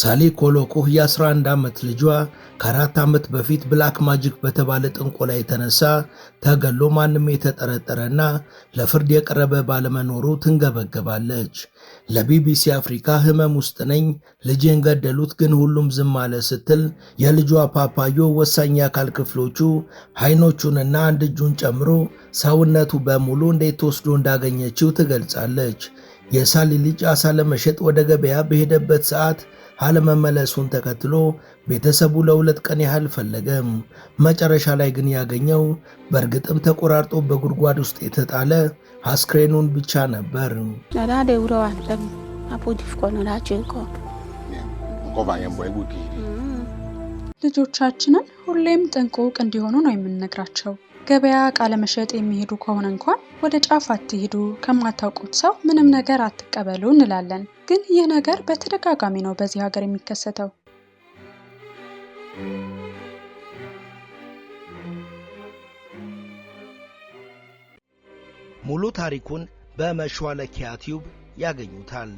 ሳሌ ኮሎኮህ የ11 ዓመት ልጇ ከአራት ዓመት በፊት ብላክ ማጂክ በተባለ ጥንቆላ የተነሳ ተገሎ ማንም የተጠረጠረና ለፍርድ የቀረበ ባለመኖሩ ትንገበገባለች። ለቢቢሲ አፍሪካ ህመም ውስጥ ነኝ፣ ልጄን ገደሉት ግን ሁሉም ዝም አለ ስትል የልጇ ፓፓዮ ወሳኝ አካል ክፍሎቹ ዓይኖቹንና አንድ እጁን ጨምሮ ሰውነቱ በሙሉ እንዴት ተወስዶ እንዳገኘችው ትገልጻለች። የሳሊ ልጅ ዓሣ ለመሸጥ ወደ ገበያ በሄደበት ሰዓት አለመመለሱን ተከትሎ ቤተሰቡ ለሁለት ቀን ያህል ፈለገም። መጨረሻ ላይ ግን ያገኘው በእርግጥም ተቆራርጦ በጉድጓድ ውስጥ የተጣለ አስክሬኑን ብቻ ነበር። ልጆቻችንን ሁሌም ጥንቁቅ እንዲሆኑ ነው የምንነግራቸው። ገበያ ቃለመሸጥ ለመሸጥ የሚሄዱ ከሆነ እንኳን ወደ ጫፍ አትሂዱ፣ ከማታውቁት ሰው ምንም ነገር አትቀበሉ እንላለን። ግን ይህ ነገር በተደጋጋሚ ነው በዚህ ሀገር የሚከሰተው። ሙሉ ታሪኩን በመሿለኪያ ቲዩብ ያገኙታል።